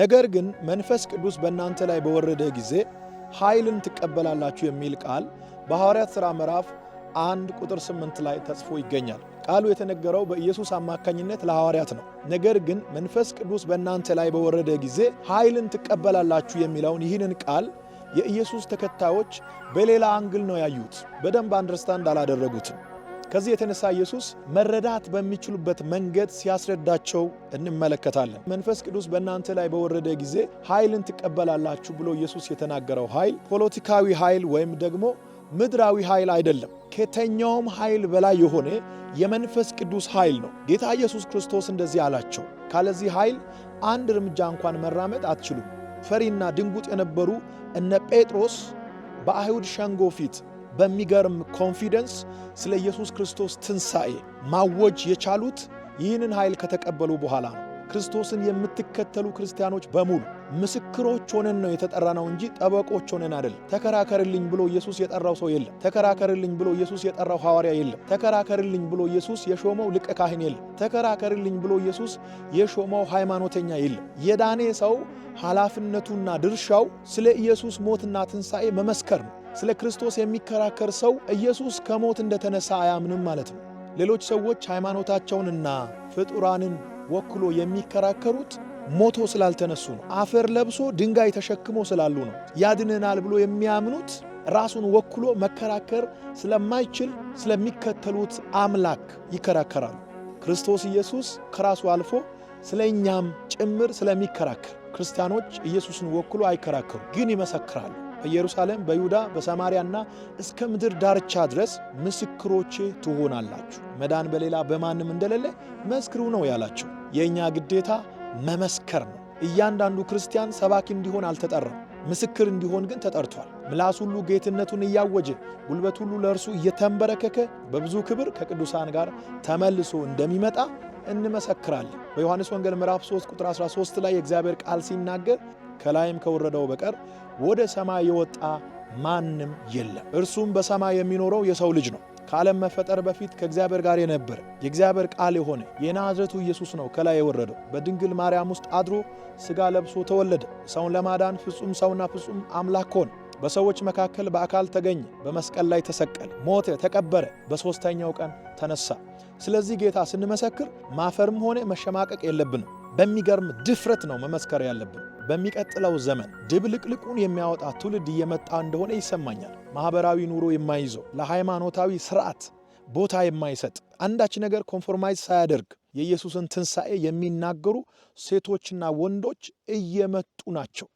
ነገር ግን መንፈስ ቅዱስ በእናንተ ላይ በወረደ ጊዜ ኃይልን ትቀበላላችሁ የሚል ቃል በሐዋርያት ሥራ ምዕራፍ አንድ ቁጥር ስምንት ላይ ተጽፎ ይገኛል። ቃሉ የተነገረው በኢየሱስ አማካኝነት ለሐዋርያት ነው። ነገር ግን መንፈስ ቅዱስ በእናንተ ላይ በወረደ ጊዜ ኃይልን ትቀበላላችሁ የሚለውን ይህንን ቃል የኢየሱስ ተከታዮች በሌላ አንግል ነው ያዩት። በደንብ አንደርስታንድ አላደረጉትም። ከዚህ የተነሳ ኢየሱስ መረዳት በሚችሉበት መንገድ ሲያስረዳቸው እንመለከታለን። መንፈስ ቅዱስ በእናንተ ላይ በወረደ ጊዜ ኃይልን ትቀበላላችሁ ብሎ ኢየሱስ የተናገረው ኃይል ፖለቲካዊ ኃይል ወይም ደግሞ ምድራዊ ኃይል አይደለም። ከተኛውም ኃይል በላይ የሆነ የመንፈስ ቅዱስ ኃይል ነው። ጌታ ኢየሱስ ክርስቶስ እንደዚህ አላቸው፣ ካለዚህ ኃይል አንድ እርምጃ እንኳን መራመድ አትችሉም። ፈሪና ድንጉጥ የነበሩ እነ ጴጥሮስ በአይሁድ ሸንጎ ፊት በሚገርም ኮንፊደንስ ስለ ኢየሱስ ክርስቶስ ትንሣኤ ማወጅ የቻሉት ይህንን ኃይል ከተቀበሉ በኋላ ነው። ክርስቶስን የምትከተሉ ክርስቲያኖች በሙሉ ምስክሮች ሆነን ነው የተጠራነው እንጂ ጠበቆች ሆነን አይደለም። ተከራከርልኝ ብሎ ኢየሱስ የጠራው ሰው የለም። ተከራከርልኝ ብሎ ኢየሱስ የጠራው ሐዋርያ የለም። ተከራከርልኝ ብሎ ኢየሱስ የሾመው ሊቀ ካህን የለም። ተከራከርልኝ ብሎ ኢየሱስ የሾመው ሃይማኖተኛ የለም። የዳኔ ሰው ኃላፊነቱና ድርሻው ስለ ኢየሱስ ሞትና ትንሣኤ መመስከር ነው። ስለ ክርስቶስ የሚከራከር ሰው ኢየሱስ ከሞት እንደተነሳ አያምንም ማለት ነው። ሌሎች ሰዎች ሃይማኖታቸውንና ፍጡራንን ወክሎ የሚከራከሩት ሞቶ ስላልተነሱ ነው። አፈር ለብሶ ድንጋይ ተሸክሞ ስላሉ ነው። ያድነናል ብሎ የሚያምኑት ራሱን ወክሎ መከራከር ስለማይችል ስለሚከተሉት አምላክ ይከራከራሉ። ክርስቶስ ኢየሱስ ከራሱ አልፎ ስለ እኛም ጭምር ስለሚከራከር ክርስቲያኖች ኢየሱስን ወክሎ አይከራከሩ፣ ግን ይመሰክራሉ። በኢየሩሳሌም፣ በይሁዳ፣ በሰማርያና እስከ ምድር ዳርቻ ድረስ ምስክሮቼ ትሆናላችሁ። መዳን በሌላ በማንም እንደሌለ መስክሩ ነው ያላቸው። የእኛ ግዴታ መመስከር ነው። እያንዳንዱ ክርስቲያን ሰባኪ እንዲሆን አልተጠራም፣ ምስክር እንዲሆን ግን ተጠርቷል። ምላስ ሁሉ ጌትነቱን እያወጀ ጉልበት ሁሉ ለእርሱ እየተንበረከከ በብዙ ክብር ከቅዱሳን ጋር ተመልሶ እንደሚመጣ እንመሰክራለን። በዮሐንስ ወንጌል ምዕራፍ 3 ቁጥር 13 ላይ የእግዚአብሔር ቃል ሲናገር ከላይም ከወረደው በቀር ወደ ሰማይ የወጣ ማንም የለም። እርሱም በሰማይ የሚኖረው የሰው ልጅ ነው። ከዓለም መፈጠር በፊት ከእግዚአብሔር ጋር የነበረ የእግዚአብሔር ቃል የሆነ የናዝረቱ ኢየሱስ ነው ከላይ የወረደው። በድንግል ማርያም ውስጥ አድሮ ሥጋ ለብሶ ተወለደ። ሰውን ለማዳን ፍጹም ሰውና ፍጹም አምላክ ሆነ። በሰዎች መካከል በአካል ተገኘ። በመስቀል ላይ ተሰቀለ፣ ሞተ፣ ተቀበረ፣ በሦስተኛው ቀን ተነሳ። ስለዚህ ጌታ ስንመሰክር ማፈርም ሆነ መሸማቀቅ የለብንም። በሚገርም ድፍረት ነው መመስከር ያለብን። በሚቀጥለው ዘመን ድብልቅልቁን የሚያወጣ ትውልድ እየመጣ እንደሆነ ይሰማኛል። ማኅበራዊ ኑሮ የማይዘው ለሃይማኖታዊ ስርዓት ቦታ የማይሰጥ አንዳች ነገር ኮንፎርማይዝ ሳያደርግ የኢየሱስን ትንሣኤ የሚናገሩ ሴቶችና ወንዶች እየመጡ ናቸው።